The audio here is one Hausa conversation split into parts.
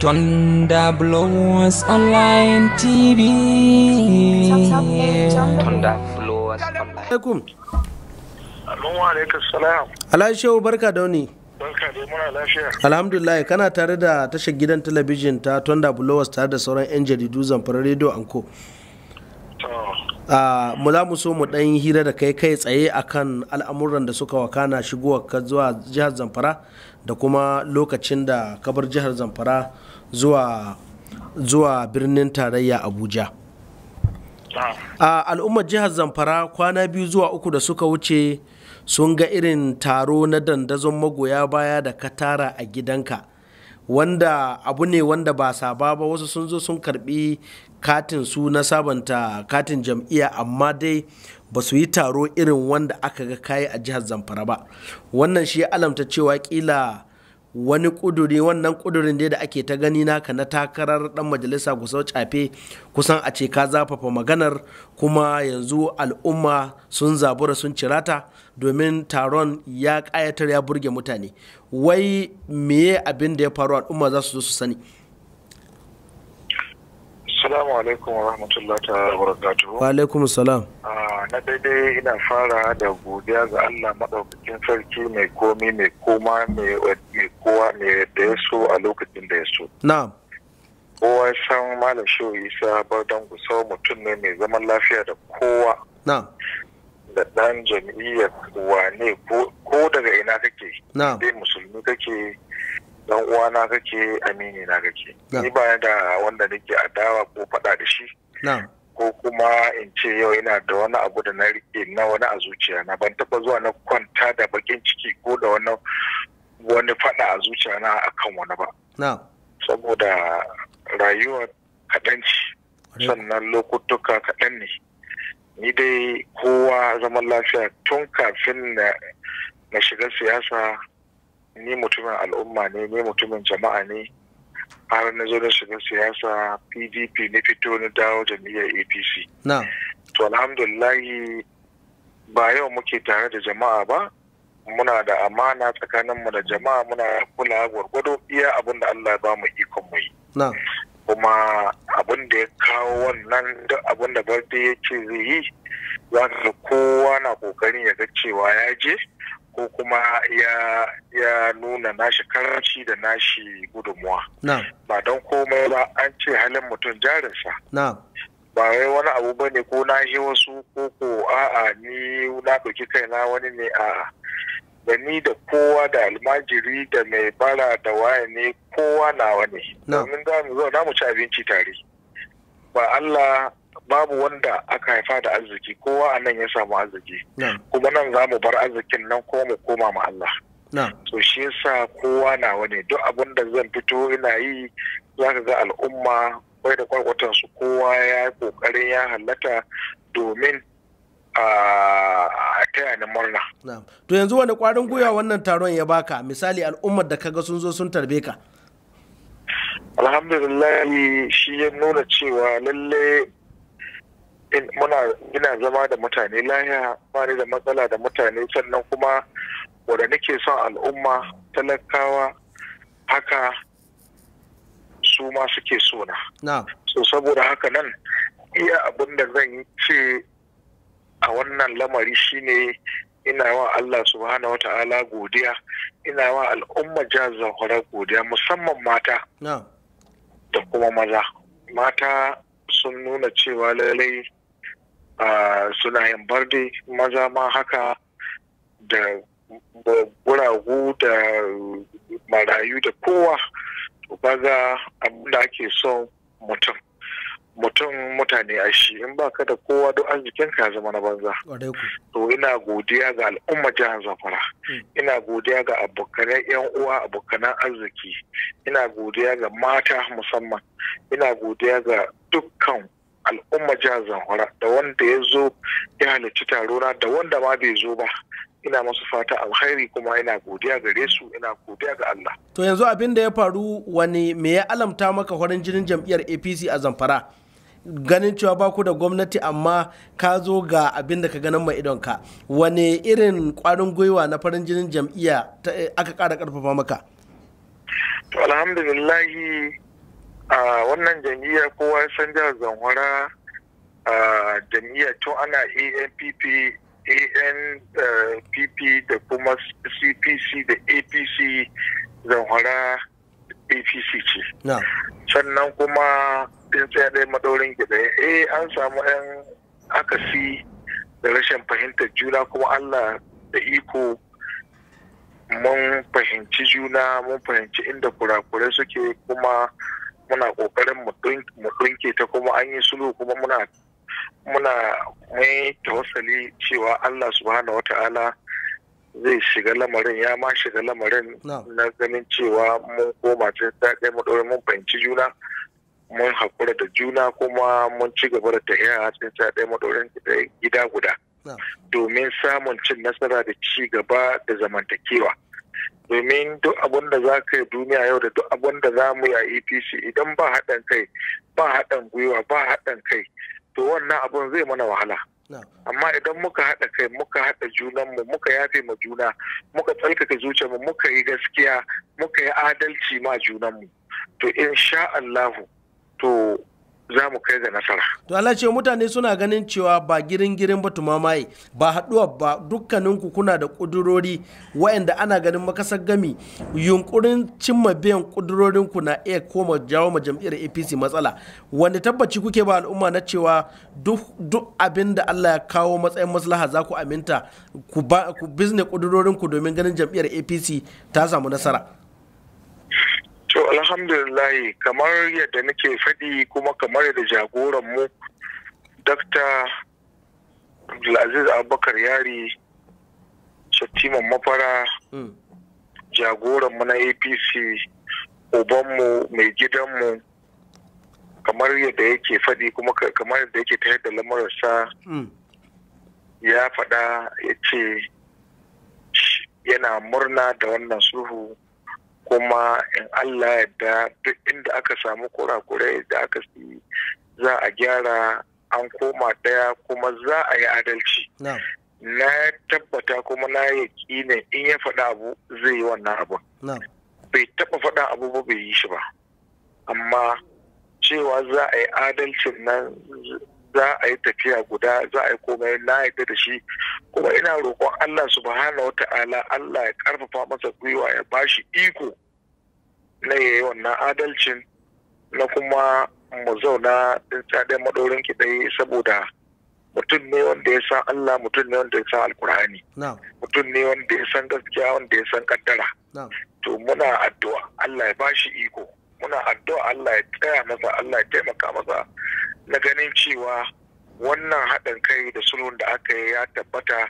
Thunder Blowers Online TV. Thunder Blowers Online. barka da wani. Barka da muna lafiya. Alhamdulillah kana tare da tashar gidan talabijin ta Thunder Blowers tare da sauran 'yan jaridu zamfarar rediyo Anko. ko. Ah, mu za mu so mu ɗan hira da kai kai tsaye akan al'amuran da suka wakana shigowa ka zuwa jihar zamfara da kuma lokacin da ka bar jihar zamfara zuwa zuwa birnin tarayya abuja a ah. ah, al'ummar jihar zamfara kwana biyu zuwa uku da suka wuce sun ga irin taro na dandazon magoya baya da ka tara a gidanka wanda abu ne wanda ba saba ba wasu sun zo sun karbi katin su na sabanta katin jam'iyya amma dai ba su yi taro irin wanda aka ga kayi a jihar zamfara ba wannan shi alamta cewa kila wani kuduri wannan kudurin dai da ake ta gani naka na takarar dan majalisa sau cafe kusan a ce ka zafafa maganar kuma yanzu al'umma sun zabura sun cirata domin taron ya ƙayatar ya burge mutane wai meye abin da ya faru al'umma za su zo su sani Assalamu alaikum wa rahmatullahi ta barakatuhu. Wa alaikum salam. Ah, na daidai ina fara da godiya ga Allah maɗaukakin sarki mai komi mai koma mai kowa mai da ya so a lokacin da ya so. Na'am. Kowa ya san Malam Shehu Isa Bardan Gusau mutum ne mai zaman lafiya da kowa. Na'am. Da ɗan jam'iyyar wane ko daga ina kake. Na'am. Dai musulmi kake dan uwana kake amini na kake ni ba da wanda nake adawa ko faɗa da shi ko kuma in ce yau ina da wani abu da na rike na wani a zuciya na ban taba zuwa na kwanta da bakin ciki ko da wani wani faɗa a zuciya na akan wani ba saboda rayuwa kaɗan ci sannan lokutuka kaɗan ne ni dai kowa zaman lafiya tun kafin na shiga siyasa ni mutumin al'umma ne ni mutumin jama'a ne har na zo na shiga siyasa pdp na fito na dawo jam'iyyar apc to alhamdulillahi ba yau muke tare da jama'a ba muna da amana tsakaninmu da jama'a muna kula gwargwado iya abin da allah ba mu ikon mu yi kuma abin da ya kawo wannan duk abin da barde ya ce zai yi za kowa na kokarin ya ga cewa ya je ko kuma ya, ya nuna nashi karanci da nashi gudunmuwa. Ba don komai ba an ce halin mutum jarin jarinsa. Ba wai wani abu ba ne ko na yi wasu ko ko a'a ni na ɗauki kaina wani ne a'a. Da ni da kowa da almajiri da mai bara da waye ne kowa na wani. Domin za mu zo na mu ci abinci tare. Ba Allah babu wanda aka haifa da arziki kowa a nan ya samu arziki kuma nan za mu bar arzikin nan ko mu koma ma Allah to shi yasa kowa nawa ne duk abin da zan fito ina yi za ka ga al'umma kwai da kwakwatan su kowa ya yi kokarin ya hallata domin a taya ni murna to yanzu wani kwarin gwiwa wannan taron ya baka misali al'ummar da kaga sun zo sun tarbe ka alhamdulillah shi ya nuna cewa lalle muna ina zama da mutane lahiya ba da matsala da mutane sannan kuma wadda nake son al'umma talakawa haka su ma suke sona. So saboda haka nan iya abin da zan ce a wannan lamari shine ina wa Allah subhanahu wata'ala godiya ina wa al'umma jihar godiya musamman mata da kuma maza mata sun nuna cewa lalai suna yin barde maza ma haka da guragu da marayu da kowa to baga abin da ake son mutum mutum mutane a shi in baka da kowa don arzikin ka zama na banza to ina godiya ga al'umma jihar zafara hmm. ina godiya ga abokanan yan uwa abokanan arziki ina godiya ga mata musamman ina godiya ga dukkan al'umma jihar zamfara da wanda ya zo ya halarci tarona da wanda ma bai zo ba ina masu fata alkhairi kuma ina godiya gare su ina godiya ga Allah. To yanzu abin da ya faru wani me ya alamta maka horon jinin jam'iyyar APC a Zamfara? Ganin cewa ba ku da gwamnati amma ka zo ga abin da ka ganin mai ka Wane irin kwarin gwiwa na farin jinin jam'iyya aka kara ƙarfafa maka? To alhamdulillahi a wannan jam'iyyar kowa san jihar zamfara jam'iyya tun ana anpp anpp da kuma cpc da apc zamfara apc ce sannan kuma din tsaye ɗaya maɗaurin gida eh an samu 'yan akasi da rashin fahimtar juna kuma allah da iko mun fahimci juna mun fahimci inda kurakurai suke kuma muna kokarin mu dunke ta kuma an yi sulhu kuma muna muna mai tawassali cewa Allah subhanahu wata'ala zai shiga lamarin ya ma shiga lamarin na ganin cewa mun koma cikin ɗaya mu dore mun fahimci juna mun haƙura da juna kuma mun ci gaba da tahiya a cikin ta mu dore gida guda domin samun cin nasara da ci gaba da zamantakewa. domin duk abin da za ka yi duniya yau da duk abin da za mu yi a apc e idan ba haɗin kai ba haɗin gwiwa ba haɗin kai to wannan abun zai mana wahala amma idan muka haɗa kai muka haɗa junanmu muka yafe ma juna muka tsarkake zuciyarmu muka yi gaskiya muka yi adalci ma junanmu to insha Allahu to za mu kai ga nasara. To Allah ce mutane suna ganin cewa ba girin girin ba tumamaye ba haɗuwa ba dukkaninku kuna da ƙudurori waɗanda ana ganin makasar gami yunkurin cimma biyan ƙudurorinku na iya koma jawo ma jam'iyyar APC matsala wanda tabbaci kuke ba al'umma na cewa duk abin da Allah ya kawo matsayin maslaha za ku aminta ku bizne ku domin ganin jam'iyyar APC ta samu nasara. alhamdulillah kamar yadda nake faɗi kuma kamar yadda jagoranmu dakta abdulaziz abubakar yari shattiman mafara hmm. jagoranmu na apc ubanmu mai gidanmu kamar yadda yake faɗi kuma kamar yadda yake tayar da lamararsa hmm. ya faɗa ya ce yana murna da wannan sulhu kuma in Allah yadda duk inda aka samu kurakurai da aka yi za a gyara an koma ɗaya kuma za a yi adalci na tabbata kuma na yaƙi ne in ya faɗa abu zai yi wannan abu. bai taɓa faɗa abu ba bai yi shi ba amma cewa za a yi adalcin nan za a yi tafiya guda za a yi komai na yadda da shi kuma ina roƙon Allah subhanahu wa ta'ala Allah ya karfafa masa gwiwa ya bashi iko na yayi wannan adalcin na kuma mu zauna din tsadin maɗaurin kiɗai saboda mutum ne wanda ya san Allah mutum ne wanda ya san alkur'ani mutum ne wanda ya san gaskiya wanda ya san kaddara to muna addu'a Allah ya bashi iko muna addu'a Allah ya tsaya masa Allah ya taimaka masa na ganin cewa wannan haɗin kai da sulhun da aka yi ya tabbata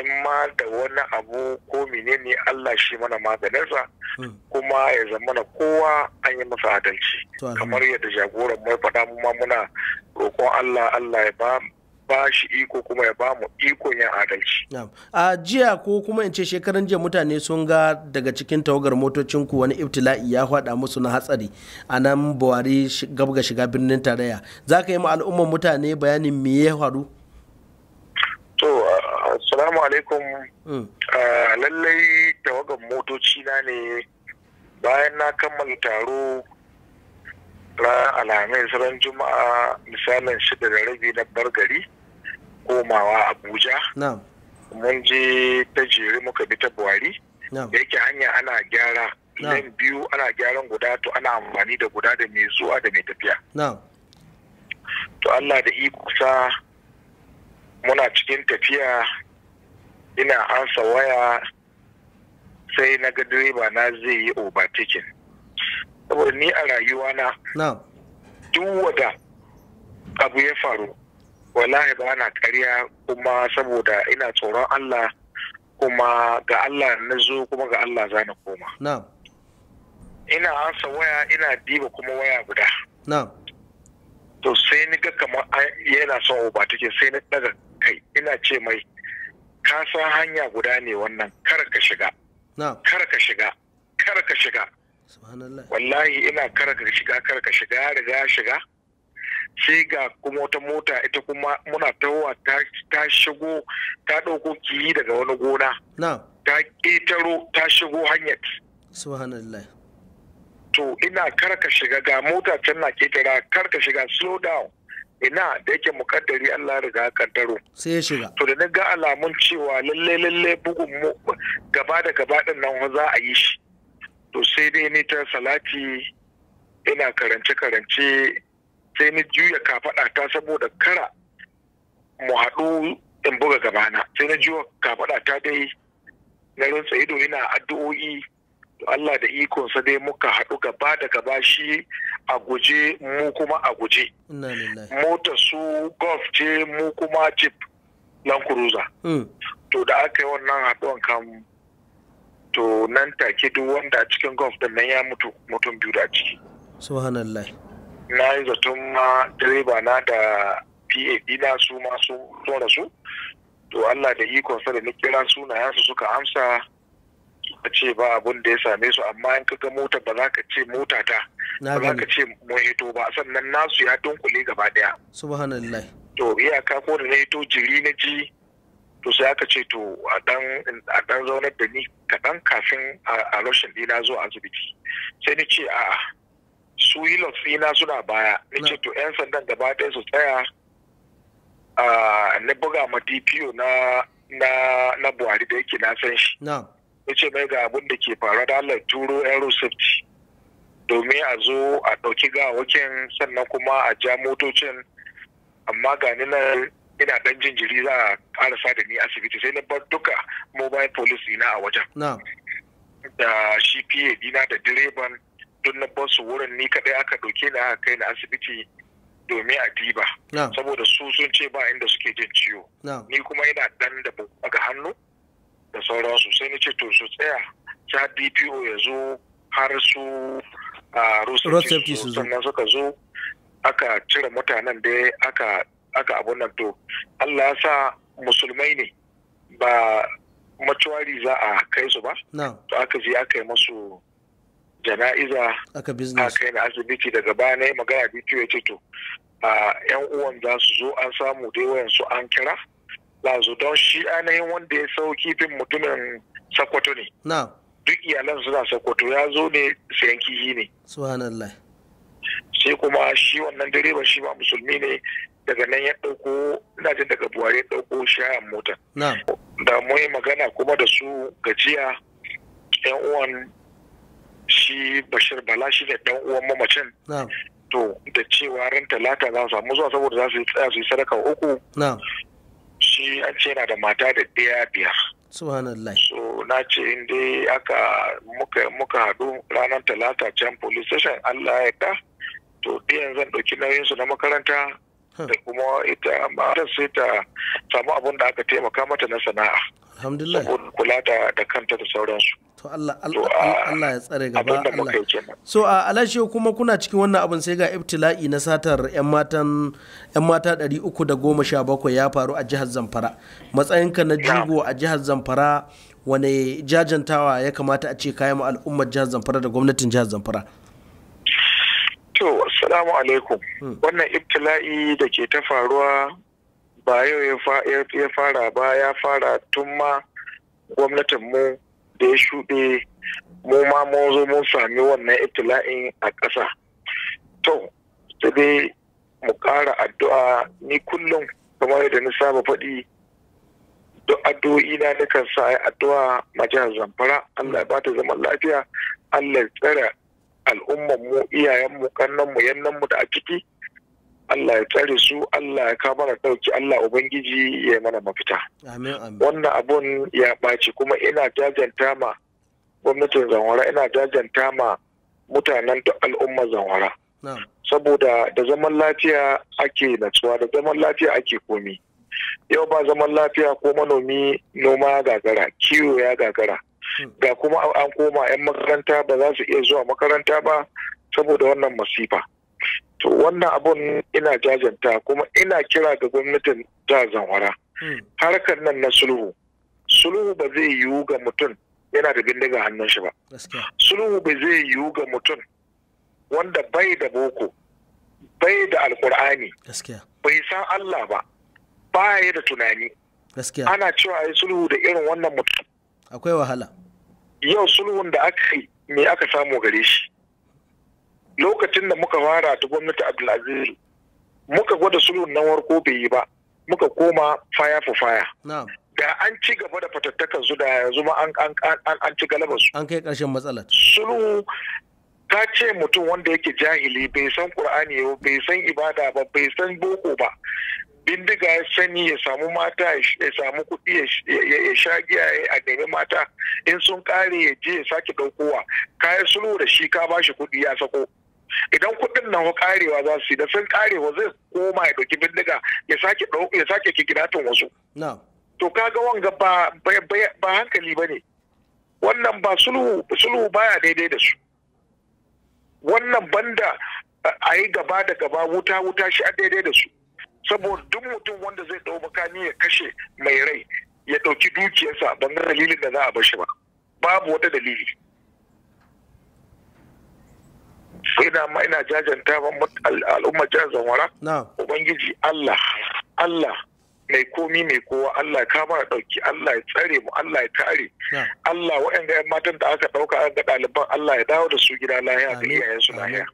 in ma da wani abu ko menene Allah shi mana maganinsa hmm. kuma ya zamana kowa an yi masa adalci kamar yadda jagoran mai faɗa mu ma muna roƙon Allah Allah ya ba ba shi iko kuma ya ba mu yin adalci. A jiya ko kuma in ce shekaran jiya mutane sun ga daga cikin tawagar motocin ku wani ibtila'i ya faɗa musu na hatsari a nan Buhari gabga shiga birnin tarayya. Za ka yi ma al'ummar mutane bayanin me ya faru? To, assalamu alaikum. Mm. Lallai tawagar motoci na ne bayan na kammala taro ran alhamis ran juma'a misalin shida da rabi na bargari komawa abuja mun je ta jere muka bi ta buhari da yake hanya ana gyara nan biyu ana gyaran guda to ana amfani da guda da mai zuwa da mai tafiya to allah da ikusa muna cikin tafiya ina ansa waya sai na ga direba na zai yi obatikin, saboda ni a rayuwa na duk wada abu ya faru wallahi ba na karya kuma saboda ina tsoron Allah kuma ga Allah na zo kuma ga Allah za na koma ina ansa waya ina diba kuma waya guda na'am to sai ni ga kamar yana son uba take sai ni daga kai ina ce mai ka san hanya guda ne wannan kar ka shiga kar ka shiga kar ka shiga wallahi ina kar ka shiga kar ka shiga riga shiga sai ga kuma wata mota ita kuma muna tawowa ta shigo ta ɗauko kiyi daga wani gona ta ƙetaro ta shigo hanyar subhanallah to ina karka shiga ga mota can na ƙetara karka shiga slow down ina da yake mukaddari Allah ya riga kaddaro sai ya shiga to da na ga alamun cewa lalle lalle bugun mu gaba da gaba din nan za a yi shi to sai dai ni ta salati ina karance karance sai na juya kafaɗa ta saboda kara mu haɗu in buga gabana sai na juya kafaɗa ta dai na rantsa ido ina addu'o'i Allah da ikonsa dai muka haɗu gaba da gaba shi a guje mu kuma a guje. Mota su golf ce mu kuma jeep Land Cruiser. Hmm. To da aka yi wannan haɗuwan kam to nan take duk wanda a cikin golf da nan ya mutu mutum biyu da ciki. Subhanallah. na yi zaton ma direba na da pa dina su ma su zora su to Allah da ikon sa da na kira sunayen su suka amsa a ce ba abun da ya same su amma in kaga mota ba za ka ce mota ta ba za ka ce mohito ba sannan nasu ya dunkule gaba daya subhanallah to iyaka ko da na hito jiri na ji to sai aka ce to a dan zaunar da ni kaɗan kafin a rashin dina zuwa asibiti sai ni ce a'a su yi tsina suna baya na ce to 'yan sandan gaba ɗaya su tsaya ah, na buga ma dpo na na buhari da yake na san shi na ce mai ga abin da ke faru da allah turo aero safety domin a zo a ɗauki gawakin sannan kuma a ja motocin amma gani na ina dan jin jiri za a karasa da ni asibiti sai na bar duka mobile police na a wajen da shi pa dina da direban don na su wurin ni kadai aka ɗauke ni aka kai na asibiti domin a diba saboda su sun ce ba inda suke jin ciwo ni kuma ina dan da ga hannu da sauransu sai ni ce to su tsaya ta dpo ya zo har su A safety su sannan suka zo aka cire mutanen da aka aka abun nan to Allah ya sa musulmai ne ba macuwari za a kai su ba to aka je aka yi masu jana'iza aka kai na asibiti daga baya na yi magana biyu ya ce to yan uwan za su zo an samu dai wayan su an kira za su don shi ainihin wanda ya sau kifin mutumin sakwato ne duk iyalan suna sakwato ya zo ne sayan kihi ne subhanallah sai kuma shi wannan direban shi ma musulmi ne daga nan ya dauko ina jin daga buhari ya dauko shayan mota da mu magana kuma da su gajiya yan uwan shi bashir bala shi ne dan uwan mamacin to da cewa ran talata za su samu zuwa saboda za su tsaya su yi sadaka uku shi an ce yana da mata da ɗaya biyar so na ce in dai aka muka muka haɗu ranar talata can police station allah ya yarda to ɗiyan zan ɗauki nauyinsu na makaranta da kuma ita sai ta samu abun da aka taimaka mata na sana'a alhamdulillah kula da kanta da sauransu to Allah ah, Allah ya tsare gaba Allah so a ah, alashe kuma kuna cikin wannan abin sai ga ibtila'i na satar yan matan yan mata 317 ya faru a jihar Zamfara matsayinka na jigo a jihar Zamfara wane jajantawa ya kamata a ce kayan al'ummar jihar Zamfara da gwamnatin jihar Zamfara To, salamu alaikum. Hmm. Wannan ibtila'i da ke ta faruwa ba yau ya fara ba ya fara tun ma gwamnatinmu da ya shuɗe mu ma mu zo mun sami wannan ibtila'in a ƙasa. To, sai dai mu ƙara addu'a ni kullum kamar yadda na saba faɗi duk addu'o'i na nakan sa addu'a ma jihar Zamfara Allah ya bata zaman lafiya Allah ya tsara al'ummar mu iyayen mu kannan mu yannan mu da a ciki Allah ya tsare su Allah ya ka mana dauki Allah ubangiji ya mana mafita wannan abun ya ɓaci kuma ina jajanta ma gwamnatin zanwara ina jajanta ma mutanen da al'ummar zanwara saboda da zaman lafiya ake natsuwa da zaman lafiya ake komi yau ba zaman lafiya ko manomi noma ya gagara kiwo ya gagara ga kuma an koma 'yan makaranta ba za su iya zuwa makaranta ba saboda wannan masifa to wannan abun ina jajanta kuma ina kira ga gwamnatin ta zanwara hmm. harkar nan na sulhu sulhu ba zai yiwu ga mutum yana da bindiga hannun shi ba sulhu ba zai yiwu ga mutum wanda bai da boko bai da alkur'ani bai san allah ba Ba ya da tunani ana cewa yi sulhu da irin wannan mutum akwai wahala yau sulhun da aka yi me aka samu gare shi lokacin da muka fara ta gwamnati abdulaziz muka gwada sulhun na warko bai yi ba muka koma faya for faya da an ci gaba da fatattakan su da yanzu ma an ci galabar su an kai ƙarshen matsala. sulhu ka ce mutum wanda yake jahili bai san qur'ani ba bai san ibada ba bai san boko ba bindiga ya sani ya samu mata ya samu kuɗi ya sha giya a nemi mata in sun ƙare ya je ya sake ɗaukowa kayan sulhu da shi ka bashi kuɗi ya sako idan kuɗin nan karewa za su yi da sun karewa zai koma ya ɗauki bindiga ya sake ya sake kikinatin wasu to kaga wanga ba ba hankali bane wannan ba sulhu baya daidai da su wannan banda a yi gaba da gaba wuta wuta shi a daidai da su saboda duk mutum wanda zai ɗau makami ya kashe mai rai ya ɗauki dukiyarsa ban ga dalilin da za a bashi ba babu wata dalili ina ma ina jajanta al'umma jihar zamara ubangiji allah allah mai komi mai kowa Allah ka mana ɗauki Allah ya tsare mu Allah ya kare Allah waɗanda ‘yan matan da aka ɗauka an ga ɗaliban Allah ya dawo da su gida lahiya ga iyayensu lahiya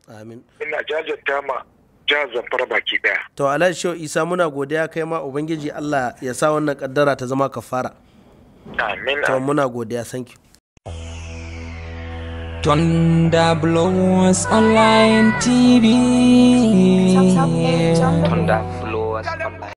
ina jajanta ma ja zamfara baki daya to alhaji shehu isa muna godiya kai ma ubangiji allah ya sa wannan kaddara ta zama kafara amin to muna godiya thank you Blowers Online TV. Thunder Blowers Online.